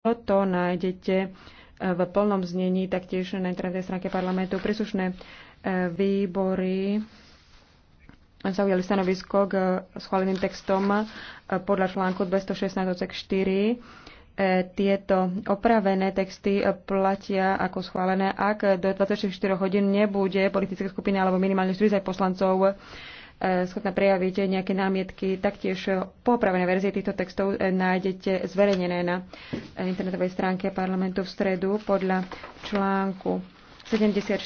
Toto nájdete eh, v plnom znení taktiež na internetovej stránke parlamentu. Príslušné eh, výbory zaujali stanovisko k schváleným textom eh, podľa článku 216 4. Tieto opravené texty platia ako schválené, ak do 24 hodín nebude politická skupina alebo minimálne 40 poslancov schopná prejaviť nejaké námietky. Taktiež popravené verzie týchto textov nájdete zverejnené na internetovej stránke parlamentu v stredu podľa článku 74.